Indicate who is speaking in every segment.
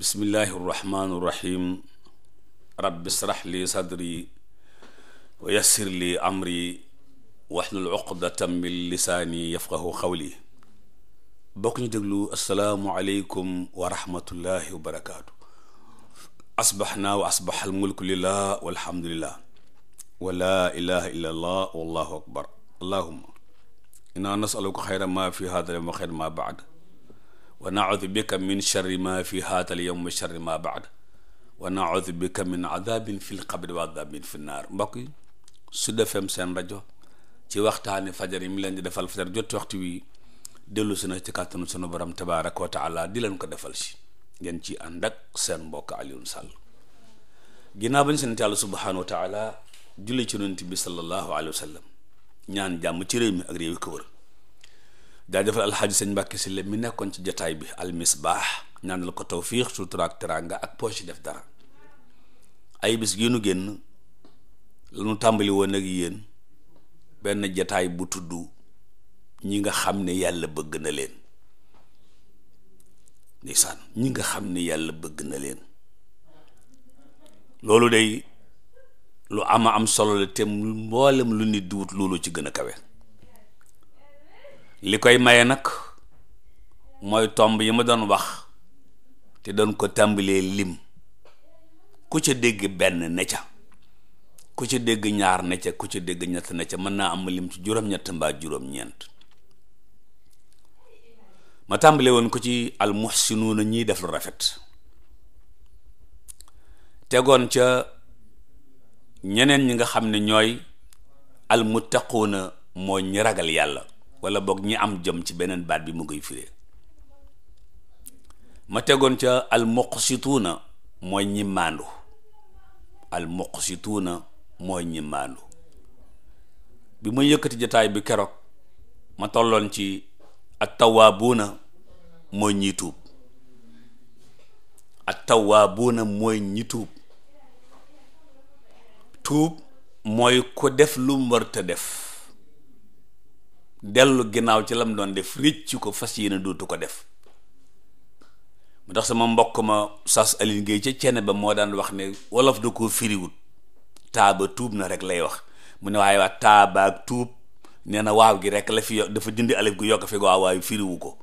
Speaker 1: bismillahi rahmaani rahim rabbi srah li sadri wa yassir li amri waxlul uqdatan min lisaani yafqahu xawli bokk ñu déglu asalaamualeykum wa rahmatullahi wa barakaatu asbaxnaa wa asbax almulku lillah walhamdulillah wa laa ilaha illa allah wallahu akbar allahuma inna nasaluka xayra ma fi hada wa xayra ma baad wa naudu bika min sharri ma fi haatal yowm wa sharri ma baad wa naudu bika min adabin fi lqabri wa adabin fi naar mbokk yi Sud FM seen rajo ci waxtaani fajar yi mi leen di defal fajar jotti waxtu wi dellu si na ci kàttanu sunu borom tabaaraka wa taala di leen ko defal si ngeen ci ànd ak seen mbokk Alioune Sall ginnaaw bañ sant yàlla subhaanahu wa taala julli ci yonent bi sallallahu alayhi wa sallam ñaan jàmm ci réew mi ak réew yi ko wër daal defal alxaaji sëñ Mbàkke Sylla mi nekkoon ci jataay bi almisbaax ñaanal ko tawfiix sutura ak teraanga ak poche def dara ay bis gi nu génn lañu tàmbali woon ak yéen benn jataay bu tudd ñi nga xam ne yàlla bëgg na leen ndeysaan ñi nga xam ne yàlla bëgg na leen loolu day lu ama am solo la te mboolem lu nit di wut loolu ci gën a kawe li koy maye nag mooy tomb yi ma doon wax te doon ko tàmbalee lim ku ca dégg benn ne ca ku ca dégg ñaar ne ca ku ca dégg ñett ne ca mën naa am lim ci juróom-ñett mbaa juróom-ñeent ma tàmbale woon ko ci almuhsinuuna ñiy def lu rafet tegoon ca ñeneen ñi nga xam ne ñooy almuttaquuna mooy ñi ragal yàlla wala boog ñi am jëm ci beneen baat bi mu koy firee ma tegoon ca al muqsituuna mooy ñi maandu al muqsituuna mooy ñi maandu bi ma yëkkati jataay bi keroog ma tolloon ci at tawaabuuna mooy ñi tuub at tawaabuuna mooy ñi tuub tuub mooy ko def lu mu def dellu ginnaaw ci lam doon def rëcc ko fas yéene dootu ko def mu tax sama mbokk ma sas Alioune Guèye ca cene ba moo daan wax ne wolof da koo firiwut taaba tuub na rek lay wax mu ne waaye waa taabaak tuub nee na waaw gi rek la fi yo dafa dindi alif gu yokk fi ko waaw waaye firiwu ko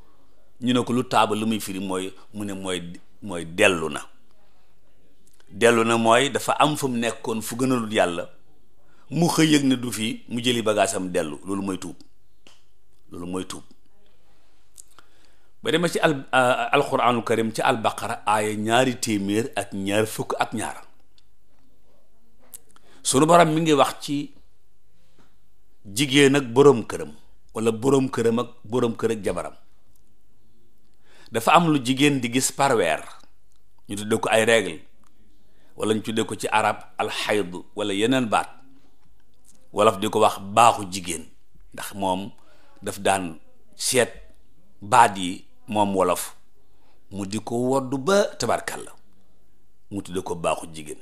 Speaker 1: ñu ne ko lu taaba lu muy firi mooy mu ne mooy mooy dellu na dellu na mooy dafa am fu mu nekkoon fu gënalul yàlla mu xëy yëg ne du fii mu jëli bagaasam dellu loolu mooy tuub loolu mooy tuub ba demee ci al euh, alquraanul karim ci albaqara aaya ñaari téeméer ak ñaar fukk ak ñaar sunu borom mi ngi wax ci jigéen ak boroom këram walla boroom këram ak boroom kër ak jabaram dafa am lu jigéen di gis parweer weer ñu tuddee ko ay règle wala ñu tuddee ko ci arab alxayd wala yeneen baat wolof di ko wax baaxu jigéen ndax moom daf daan seet baat yi moom wolof mu di ko wodd ba tabarkalla mu tudde ko baaxu jigéen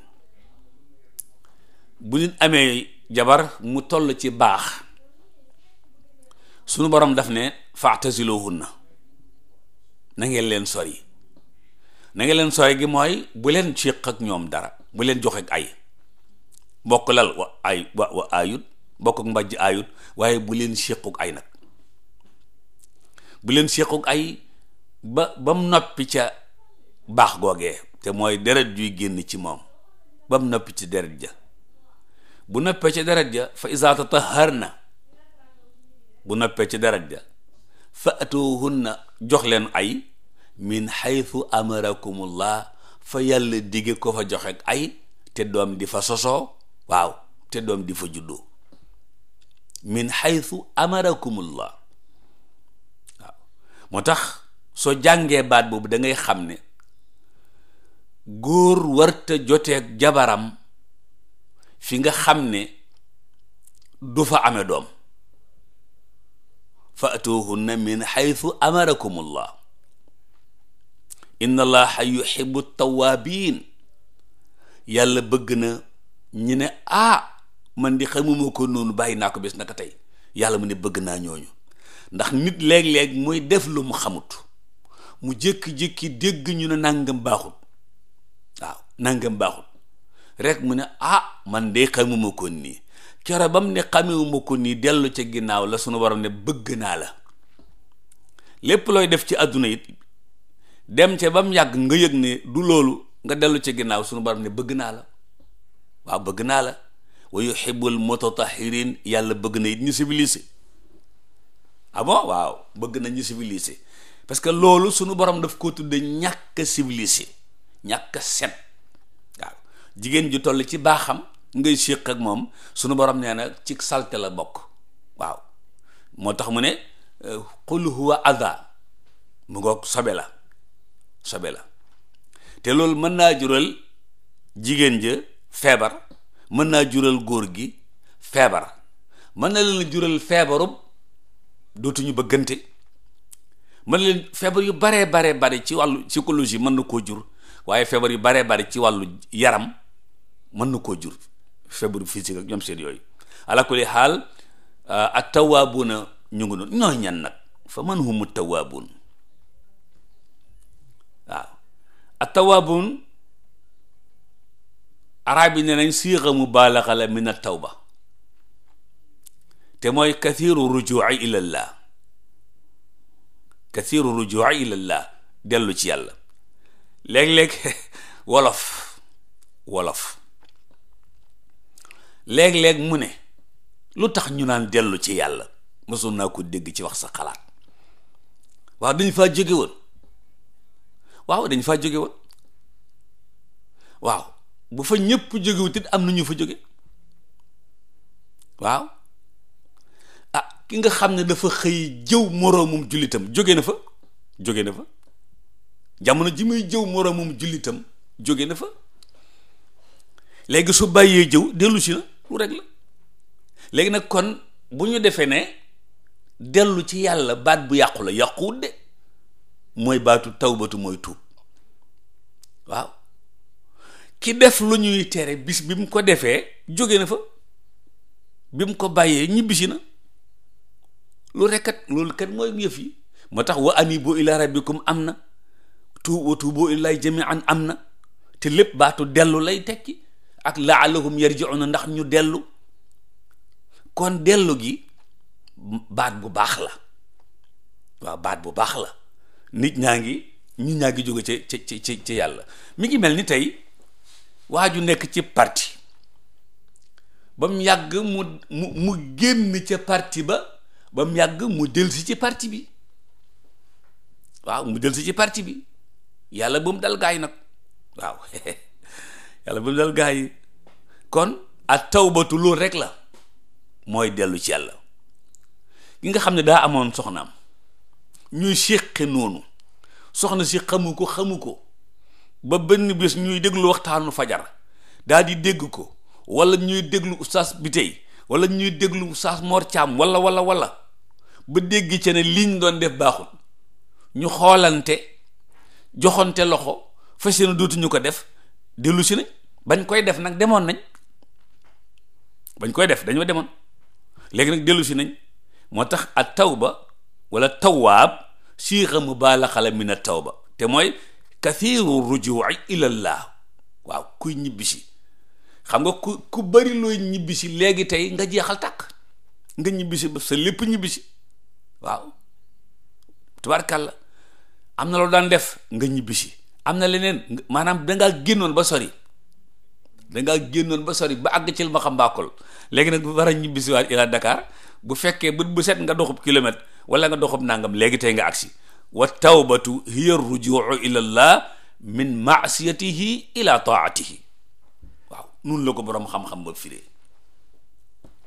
Speaker 1: bu nit amee jabar mu toll ci baax sunu borom daf ne fa'taziluhunna na ngeen leen sori na ngeen leen sori gi mooy bu leen ciq ak ñoom dara bu leen joxe ay bokk lal wa ay wa wa ayut bokk ak mbàjj ayut waaye bu leen ciquk ay nag bu leen sequk ay ba bam noppi ca baax googee te mooy deret juy génn ci moom bam noppi ci deret ja bu noppee ci deret ja fa iza tatahharna bu noppee ci deret ja fa atuhunna jox leen ay miin haythu amarakumullah fa yàlla dige ko fa joxe ay te doom di fa sosoo waaw te doom di fa juddoo min haythu amarakumullah moo tax soo jàngee baat boobu dangay xam ne góor warta joteeg jabaram fi nga xam ne du fa ame doom faatuhunna min xaytu amarakum allah inna allaha yuhibu tawaabin yàlla bëgg na ñu ne ah man di xamuma ko noonu bàyyi naa ko bés naka tey yàlla mu ne bëgg naa ñooñu ndax nit léeg-léeg muy def lu mu xamut mu jékki-jékki dégg ñu ne nàngam baaxut waaw nàngam baaxut rek mu ne ah man de xamuma ko nii coro bam ne xamewuma ko nii dellu ca ginnaaw la sunu waroon ne bëgg naa la lépp looy def ci àdduna it dem ca bam yàgg nga yëg du loolu nga dellu ca ginnaaw sunu borom bëgg naa la waaw bëgg naa la wa yàlla bëgg na it ñu civilisé abo ah waaw bëgg nañu civilisé parce que loolu suñu borom daf ko tudde ñàkk civilisé ñàkk set waaw jigéen ju toll ci baaxam ngay séq ak moom suñu borom nee na ci salte la bokk waaw moo tax mu ne euh, qul huwa adha mu ngoog sobe la sobe la te loolu mën naa jural jigéen ja feebar mën naa jural góor gi feebar mën na leen jural feebarub dootuñu bëggante mën leen feebar yu baree baree bari ci wàllu psychologie mën na koo jur waaye feebar yu baree bari ci wàllu yaram mën na koo jur feebaru physique ak ñoom seen yooyu ala kulli xaal euh, ak tawaabuuna ñu ngi noonu ñooy ñan nag fa man humu tawaabuun waaw ak tawaabuun arab yi ne nañ siixa mubaalaxa la min at tawba te mooy kathiru rujui ilallah kathiru rujui ilallah dellu ci yàlla léeg-léeg wolof wolof léeg-léeg mu ne lu tax ñu naan dellu ci yàlla mosoon naa ko dégg ci wax sa xalaat waaw dañ faa jóge waaw dañ faa jóge waaw bu fa ñëpp jógewut it am na ñu fa jóge waaw ki nga xam ne dafa xëy jëw moroomum jullitam jóge na fa jóge na fa jamono ji muy jëw moroomum jullitam jóge na fa léegi su bàyyee jëw dellusi si na lu rek la léegi nag kon bu ñu defee ne dellu ci yàlla baat bu yàqu la yàquwut de mooy baatu tawbatu mooy tuub waaw ki def lu ñuy tere bis bi mu ko defee jóge na fa bi mu ko bàyyee ñibbisi na loolu rek kat loolu kat mooy yëf yi moo tax wa anibu ila rabbikum am na tuub wa tuubu ilallahi jamian am na te lépp baatu dellu lay tekki ak laallahum na ndax ñu dellu kon dellu gi baat bu baax la waaw baat bu baax la nit ñaa ngi ñu ñaa ngi jóge ca ca ca ca yàlla mi ngi mel ni tey waa ju nekk ci parti ba mu yàgg mu mu mu génn ca parti ba ba mu yàgg mu delsi ci parti bi waaw mu delsi ci parti bi yàlla ba mu dal gaay nag waaw yàlla ba mu dal gaay yi kon ak tawbatu loolu rek la mooy dellu ci yàlla ki nga xam ne daa amoon soxnaam ñuy séqe noonu soxna si xamu ko xamu ko ba benn bés ñuy déglu waxtaanu fajar daal di dégg ko wala ñuy déglu ustaas bi tey wala ñuy déglu ustaas Mor Caam wala wala walla ba dégg ci ne liñ doon def baaxul ñu xoolante joxante loxo fas na dootuñu ko def dellu si nañ bañ koy def nag demoon nañ bañ koy def dañoo demoon léegi nag dellu si nañ moo tax at taw ba wala tawaab siixa mubaalaxa la min taw ba te mooy kathiru rujuuci ilallah waaw kuy ñibbisi xam nga ku ku bari looy ñibbisi léegi tey nga jeexal takk nga ñibbisi ba sa lépp ñibbisi waaw tubaarkàlla am na loolu daan def nga ñibbisi am na leneen maanaam dangaa génnoon ba sori dangaa génnoon ba sori ba àgg ci li ma xam mbàkkul léegi nag bu war ñibbi ñibbisi waat ila Dakar bu fekkee bët bu set nga doxub kilomètre wala nga doxub nangam léegi tey nga agsi wa tawbatu hiya rujuu ila llah min maasiyatihi ila taatihi waaw nun la ko boroom xam-xam ba firee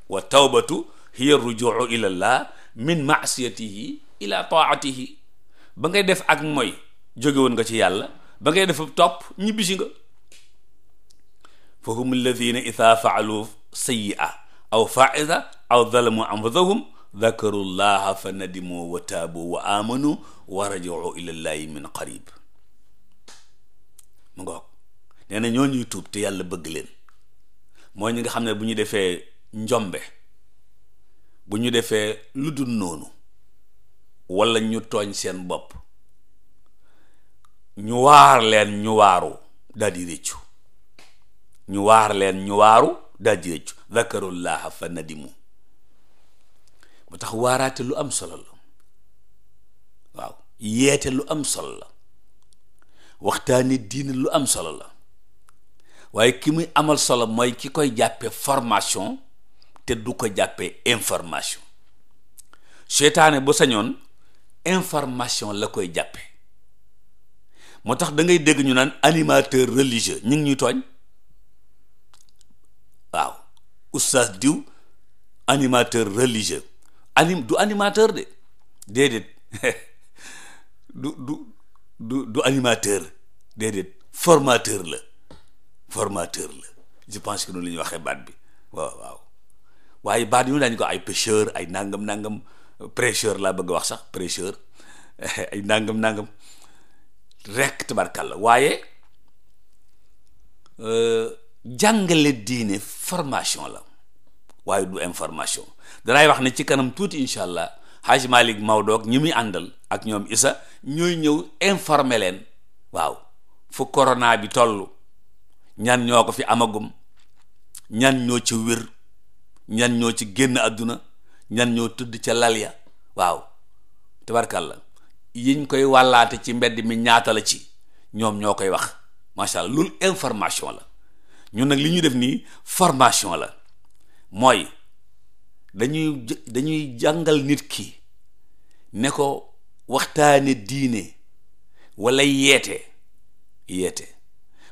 Speaker 1: wa tawbatu hiya rujuu ila llah min maasiyatihi ila taatihi ba ngay def ak mooy jóge woon nga ci yàlla ba ngay def topp ñibbisi nga fa hum alladina ida faalu sayia aw faida aw zalamu anfusahum dakaru llaha fa nadimu wa taabu wa amanu wa rajuu ila min qarib mu ngoog nee na ñoo ñuy yàlla bëgg leen mooy ñi nga xam ne bu ñu defee njombe bu ñu defee lu dul noonu walla ñu tooñ seen bopp ñu waar leen ñu waaru daldi rëccu ñu waar leen ñu waaru daldi rëccu zakarullaha fa nadimu moo tax waaraate lu am solo la waaw yeete lu am solo la waxtaani diine lu am solo la waaye ki muy amal solo mooy ki koy jàppe formation te du ko jàppee information seytaane bu sañoon information la koy jàppe moo tax da ngay dégg ñu naan animateur religieux ñu ngi ñuy tooñ waaw oustaz diw animateur religieux anim du animateur de déedéet du du du du animateur déedéet formateur la formateur la je pense que noonu la ñuy waxee baat bi waaw waaye baat yu daañu ko ay pêcheur ay nangam nangam prêcheur laa bëgg wax sax prêcheur ay nangam nangam rek tabarkàlla waaye euh, jàngale diine formation la waaye du information danay wax ne ci kanam tuuti incha allah Haj Malik Maodo ak ñi muy àndal ak ñoom Isa ñooy ñëw informer leen waaw fu corona bi toll ñan ñoo ko fi amagum ñan ñoo ci wér. ñan ñoo ci génn àdduna ñan ñoo tudd ca lal ya waaw tabarkalla yiñ koy wàllaate ci mbedd mi ñaata la ci ñoom ñoo koy wax macha allah loolu information la ñun nag li ñu def nii formation la mooy dañuy dañuy jàngal nit ki ne ko waxtaane diine wala yeete yeete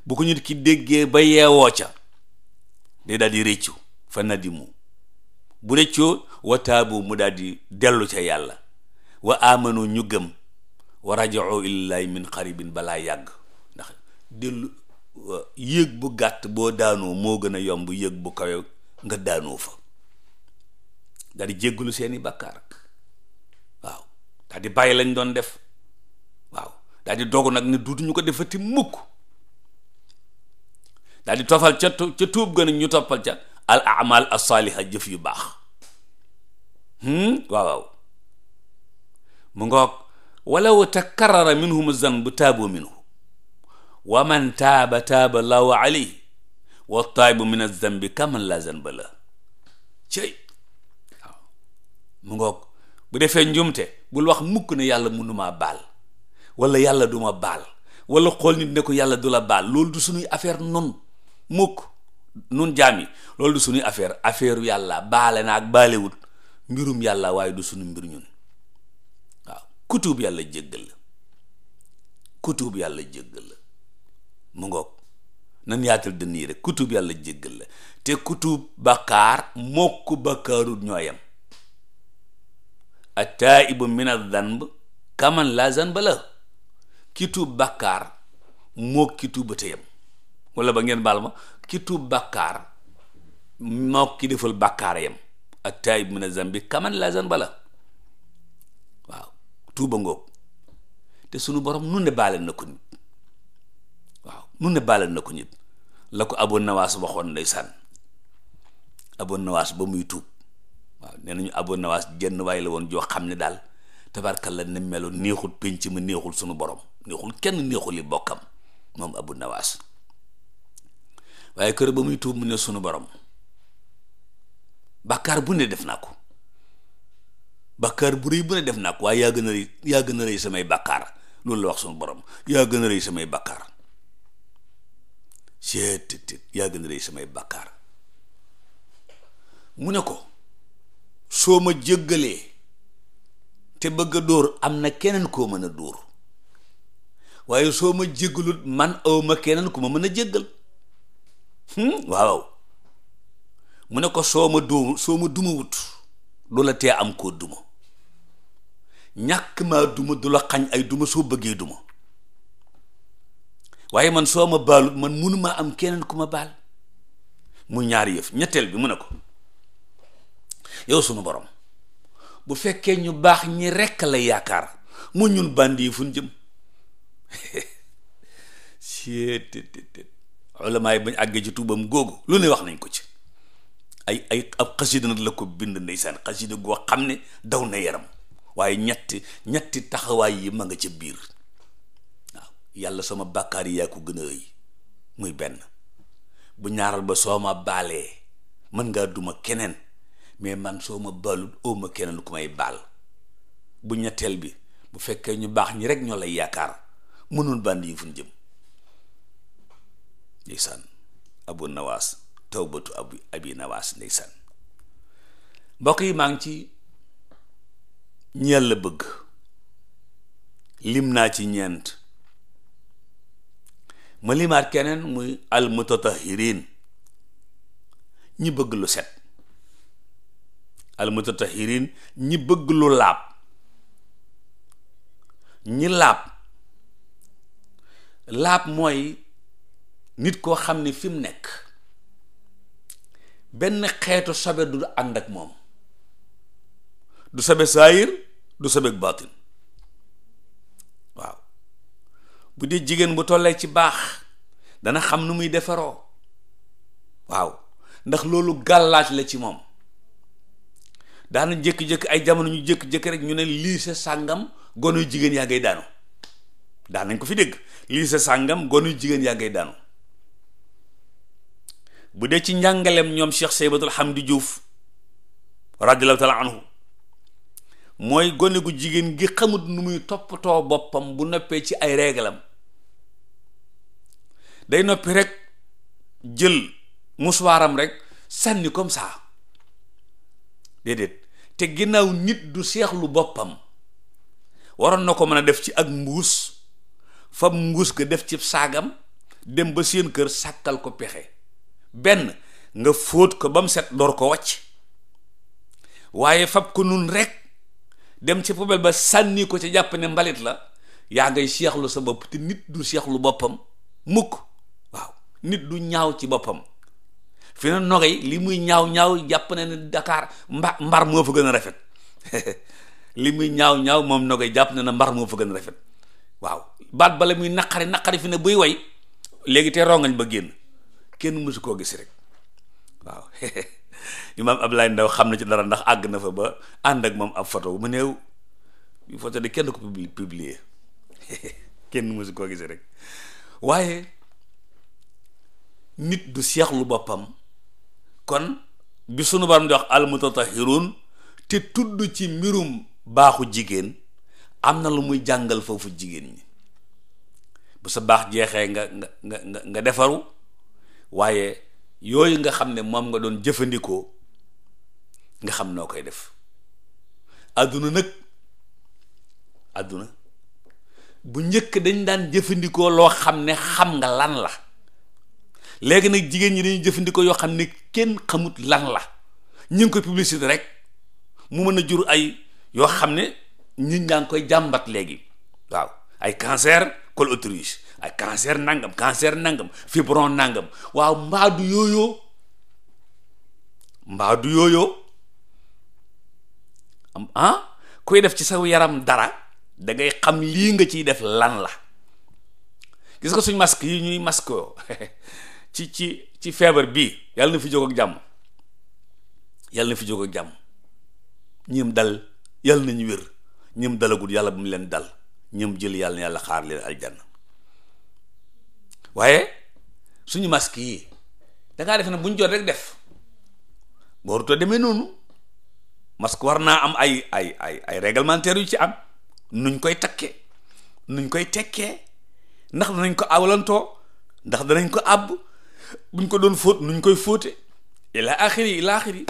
Speaker 1: bu ko nit ki déggee ba yeewoo ca day daal di réccu fa nadimu bu rëccoo wa taabu mu daal di dellu ca yàlla wa amanu ñu gëm wa raja'u ilallaahi min xaribin balaa yàgg ndax dellu yëg bu gàtt boo daanoo moo gën a yomb yëg bu kawe nga daanoo fa daal di jégglu seeni bàkkaar waaw daal di bàyyi lañ doon def waaw daal di dogu nag ne duutuñu ko defati mukk daal di tofal ca ca tuub gën a ñu toppal ca al amal as saaliha jëf yu baax waaw hmm? waaw mu ngoog walaw takarrara minhum zanbu taabu minhu wa man taaba taaba llahu alayhi bu taabu min azambi kaman la zanba la cëy mu ngoog bu defee njumte bul wax mukk ne yàlla mënumaa baal wala yàlla duma baal wala xool nit ne ko yàlla du la baal loolu du suñuy affaire nun mukk nun jaam yi loolu du suñuy affaire affaire yàlla baale na ak baalewut mbirum yàlla waaye du sunu mbir ñun waaw kutuub yàlla jéggal la kutuub yàlla jéggal la mu ngoog nan yaatal dënn yi kutuub yàlla jéggal la te kutuub bakkaar mokk bakkaarut ñooyam attaibu min adhanb kaman la zanba la ki tuub bakkaar moo ki tuub ngeen baal ma bakkaar moo defal bakkaar yam ak taayib mina zambi kaman la zanba la waaw tuuba ngoog te sunu borom nun ne baale na ko ñëpp waaw nun ne baale na ko ñëpp la ko abu nawaas waxoon ndeysaan abu nawaas ba muy tuub waaw nee nañu abu nawaas jenn waay la woon joo xam ne daal tabarkalla ne meloon neexul ci ma neexul sunu borom neexul kenn neexul yi bokkam moom abu nawaas waaye kër ba muy tuub mu ne sunu borom bàkkaar bu ne def naa ko bàkkaar bu rëy bu ne def naa ko waaye yaa gën a rëy yaa gën a rëy samay bàkkaar loolu la wax suñu borom yaa gën a rëy samay bàkkaar seet tit yaa gën samay bàkkaar mu ne ko soo ma jëggalee te bëgg a dóor am na keneen koo mën a dóor waaye soo ma jéggalut man awma ma keneen ku ma mën a jéggal hmm? waaw mu ne ko soo ma dóomu soo ma duma wut du la tee am koo duma ñàkk maa duma du la xañ ay duma soo bëggee duma waaye man soo ma baalut man munuma am keneen ku ma baal mu ñaar yëf ñetteel bi mu ne ko yow sunu boroom bu fekkee ñu baax ñi rekk la yaakaar mu ñun bànd yi fuñ jëm siet ulama yi bañ àggee ci tuubam googu lu ne wax nañ ko ci ay ay ab xasida nag la ko bind ndeysaan xasida goo xam ne daw na yaram waaye ñetti ñetti taxawaay yi ma nga ca biir waaw yàlla sama bàkkaar yi yaa ko gën a rëy muy benn bu ñaaral ba soo ma baalee mën ngaa duma keneen mais man soo ma baalut óoma keneen ku may baal bu ñetteel bi bu fekkee ñu baax ñi rek ñoo lay yaakaar mënul bànd yi fu jëm ndeysaan abu nawaas tawbatu abi abi nawaas ndeysaan mbokk yi maa ngi ci ñi yàlla bëgg lim naa ci ñeent ma limaat keneen muy al mutatahirin ñi bëgg lu set al mutatahirin ñi bëgg lu laab ñi laab laab mooy nit koo xam ni fi mu nekk benn xeetu sobe du ànd ak moom du sobe saayir du sobe baatin waaw bu dee jigéen bu tollee ci baax dana xam nu muy defaroo waaw ndax loolu gàllaaj la ci moom daana jékki-jékki ay jamono ñu jékki-jékki rek ñu ne lii sa sàngam gonu jigéen yaa ngay daanu daan nañ ko fi dégg lii sa sàngam gonu jigéen yaa ngay daanu bu dee ci njàngaleem ñoom Cheikh Seybatul Hamdi Diouf radiyallahu taala anhu mooy gone gu jigéen gi xamut nu muy toppatoo boppam bu noppee ci ay reglam day noppi rek jël muswaaram rekk sànni kom saa déedéet te ginnaaw nit du seexlu boppam waroon na ko mën a def ci ak mbuus fab mbuus ga def ci saagam dem ba seen kër sàkkal ko pexe benn nga fóot ko ba mu set door ko wàcc waaye fab ko nun rekk dem ci poubelle ba sànni ko ci jàpp ne mbalit la yaa ngay seexlu sa bopp te nit du seexlu boppam mukk waaw nit du ñaaw ci boppam fi na nogay li muy ñaaw ñaaw jàpp na ne Dakar mba mbar moo fa gën a rafet li muy ñaaw ñaaw moom nogay jàpp na ne mbar moo fa gën rafet waaw baat bala muy naqari naqari fi ne buy way léegi te rongañ ba génn kenn mësu koo gis rek waaw ab Ablaye Ndaw xam na ci dara ndax àgg na fa ba ànd ak moom ab photo mu néew photo de kenn ko publier kenn mësu koo gis rek waaye nit du seexlu boppam kon bi sunu baram di wax almutatahirun te tudd ci mbirum baaxu jigéen am na lu muy jàngal foofu jigéen ñi bu sa baax jeexee nga nga nga nga defaru waaye yooyu nga xam ne moom nga doon jëfandikoo nga xam noo koy def àdduna nag àdduna bu njëkk dañ daan jëfandikoo loo xam ne xam nga lan la léegi nag jigéen ñi dañuy jëfandikoo yoo xam ne kenn xamut lan la ñu ngi koy publicité rek mu mën a jur ay yoo xam ne nit ñaa ngi koy jàmbat léegi waaw ay cancer col utérus ak cancer nangam cancer nangam fibron nangam waaw mbaadu yooyoo mbaadu yooyoo ah kuy def ci saw yaram dara dangay xam lii nga ciy def lan la gis nga suñ masque yi ñuy masque ci ci ci feebar bi yàlla na fi jóg ak jàmm yàlla na fi jóg ak jàmm ñim dal yàlla nañu wér ñim dalagul yàlla bu mu leen dal ñim jël yàlla yàlla xaar leen aljanna waaye suñu masque yi dangaa defe ne bu ñu jot rek def boorutoo demee noonu masque war naa am ay ay ay ay réglementaire yu ci am nuñ koy takkee nuñ koy tekkee ndax danañ ko awlantoo ndax danañ ko àbb buñ ko doon fóot nuñ koy fóote ila axiri ila axiri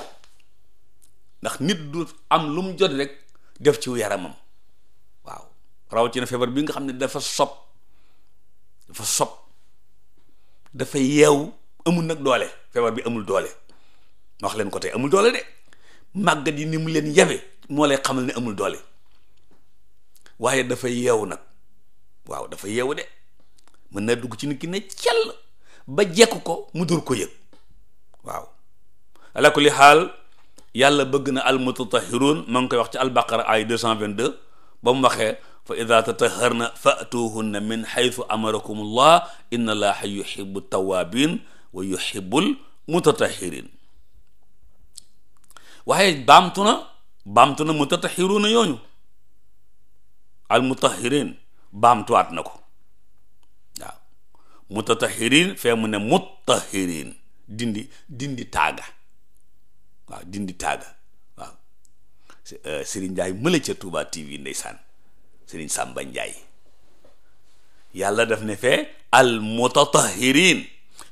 Speaker 1: ndax nit du am lu mu jot rek def ci yaramam waaw na feebar bii nga xam ne dafa sob dafa sob dafa yeewu amul nag doole feebar bi amul doole ma wax leen ko tey amul doole de màggat yi ni mu leen yabe moo lay xamal ni amul doole waaye dafa yeew nag waaw dafa yeew de mën naa dugg ci nikki ki ne cell ba jekk ko mu dur ko yëg waaw ala kulli xaal yàlla bëgg na almutatahiruun ma ngi koy wax ci albaqara ay vingt 222 ba mu waxee fa ida tataharna fatuhunna min xaytu amarakum allah inna allaha yuhibu tawabin wa yuhibul mutatahirin waaye baamtu na baamtu na mutatahiruuna yooñu al mutahirin baamtuwaat na ko waaw mutatahirin fee mu ne mutahirin dindi dindi taaga waaw dindi taaga waaw eh, Serigne Ndiaye mële ca Touba TV ndeysaan Sëriñ Sàmba Njaay yàlla def ne fee al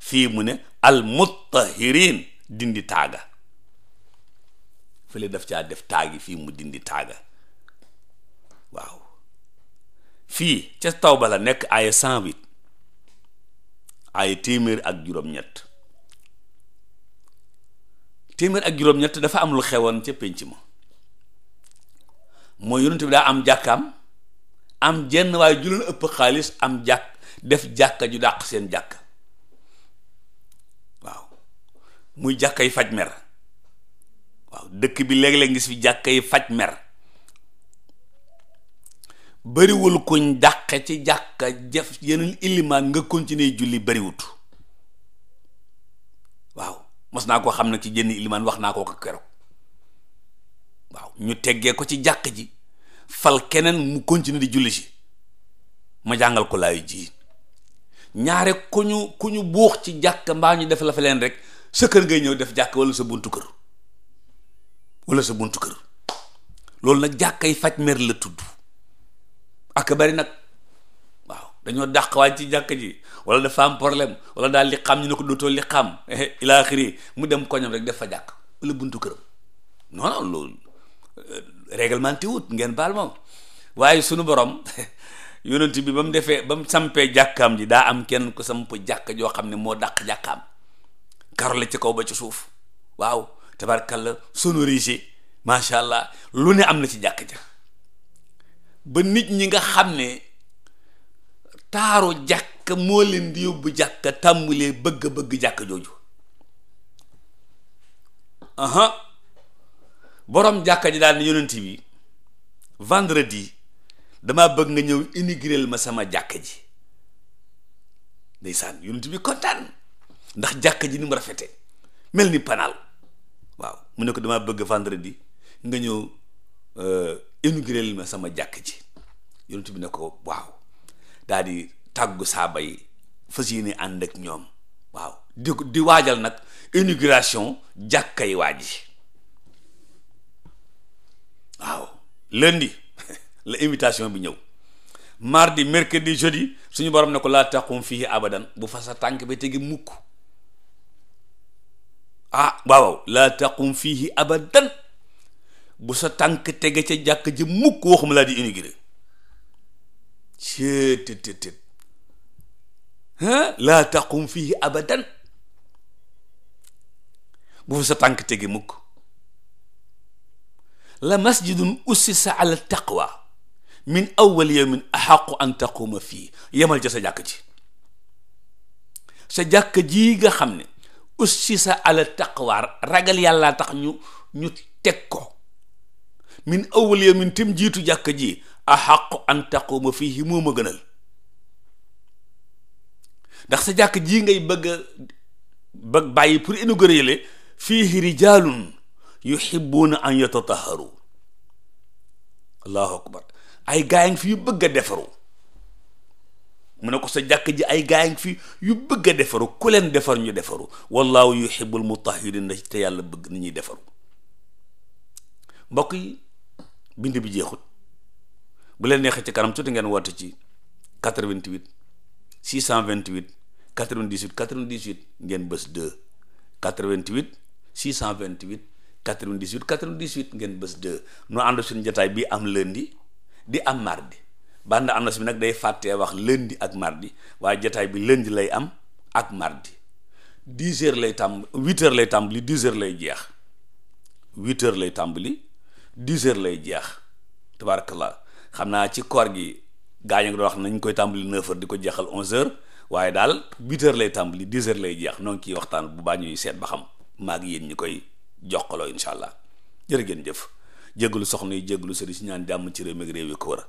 Speaker 1: fii mu ne al mutahiriin dindi taaga fële daf caa def taagi fii mu dindi taaga waaw fii ca tawba la nekk aaya cent huit aaya téeméer ak juróom-ñett téeméer ak juróom-ñett dafa am lu xewoon ca pénc mooy yonent bi daa am jàkkaam am jenn waaye ju ëpp xaalis am jàkk def jàkka ju dàq seen jàkk waaw muy jàkkay faj mer waaw dëkk bi léeg-léeg ngis fi jàkkay faj mer bariwul kuñ dàqe ci jàkka jëf yeneen ilimaan nga continuer julli bariwut waaw mos naa koo xam nag ci jenn ilimaan wax naa ko ko keroog waaw ñu teggee ko ci jàkk ji fal keneen mu continuer di julli si ma jàngal ko laayu ji ñaare ku ñu ku ñu buux ci jàkk mbaa ñu def la fa leen rek sa kër ngay ñëw def jàkk wala sa buntu kër sa buntu kër loolu nag jàkkay faj mer la tudd ak bari nag waaw dañoo dàq waaj ci jàkk ji wala dafa am problème wala daal di xam ñu ne ko dootoo li xam ilaaxiri mu dem koñam rek def fa jàkk wala buntu këram non loolu euh, réglementé wut ngeen baal moom waaye sunu boroom yonent bi ba mu defee ba mu sampee jàkkam ji daa am kenn ku samp jàkk joo xam ne moo dàq jàkkaam karo la ci kaw ba ci suuf waaw tabarkalla sonorisé macha allah lu ne am na ci jàkk ja ba nit ñi nga xam ne taaru jàkk moo leen di yóbbu jàkk tàmbalee bëgg-bëgg jàkk jooju boroom jàkka ji daal ni yonent bi vendredi damaa bëgg nga ñëw inaugurer ma sama jàkka ji ndeysaan yonent bi kontaan ndax jàkka ji ni mu rafete mel ni panaal waaw mu ne ko damaa bëgg vendredi nga ñëw euh, inaugurer ma sama jàkka ji yonent bi ne ko waaw daal di tàggu saaba yi fas yéene ànd ak ñoom waaw di di waajal nag inauguration jàkkay waa ji waaw lundi la invitation bi ñëw mardi mercredi jeudi suñu borom ne ko laa taqum fii abadan bu fa sa tànk ba tegi mukk ah waaw laa taqum fii abadan bu sa tànk tege ca jàkk ji mukk waxuma laa di inauguré cee tët tët tët laa taqum fii abadan bu fa sa tànk tege mukk la masjidun ussisa ala taqwa min awwal yawmin ahaqu an taquma fii yemal ca sa jàkk ji sa jàkk ji nga xam ne ussisa ala taqwa ragal yàllaa tax ñu ñu teg ko min awwal yawmin tim jiitu jàkk ji ahaqu an taquma fii moo ma gënal ndax sa jàkk ji ngay bëgg bëgg bàyyi pour inaugurer fii rijaalun yuhibbuuna an yatatahharu allahu akbar ay gaa ngi fi yu bëgg a defaru mu ne ko sa jàkk ji ay gaa ngi fi yu bëgg defaru ku leen defar ñu defaru wallahu yuhibbul mutahhirin na te yàlla bëgg ni ñuy defaru mbokk yi bind bi jeexut bu leen neexee ci kanam tuuti ngeen woote ci 88 628 98 98 ngeen bës 2 88 628 98 98 ngeen bés 2 nu ànd suñu jotaay bii am lundi di am mardi bande annonce bi nag day fàtte wax lundi ak mardi waaye jotaay bi lundi lay am ak mardi 10 heures lay tàmb 8 heures lay tàmbali 10 heures lay jeex 8 heures lay tàmbali 10 heures lay jeex tabarakallah xam naa ci koor gi gaa yi nga doon wax nañ koy tàmbali 9 heures di ko jeexal 11 heures waaye daal 8 lay tàmbali 10 heures lay jeex noo ngi waxtaan bu baa ñuy seet ba xam maa ngi yéen ñi koy. jox ko loo incha allah jërë ngeen jëf jégalu soxna yi lu sëriñ si ñaan jàmm ci réew mi ak réew yi ko war a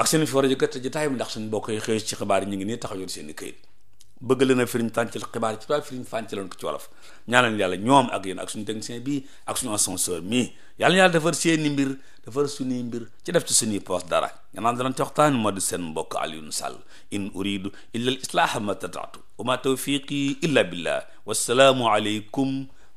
Speaker 1: ak seen fi war a jëkkër jotaay bi ndax suñu bokk yi xëy ci xibaar yi ñu ngi nii taxaw yor seen i këyit bëgg leen a firiñ tàncal xibaar ci tubaab firiñ fàncaloon ko ci wolof ñaanal yàlla ñoom ak yéen ak suñu technicien bii ak suñu ascenseur mii yàlla yàlla defar seeni mbir defar suñuy mbir ci def ci suñuy poos dara ñanaan dalan ci waxtaan moo di seen mbokk Alioune Sall in uridu illa al islaaha ma tataatu wa ma tawfiqi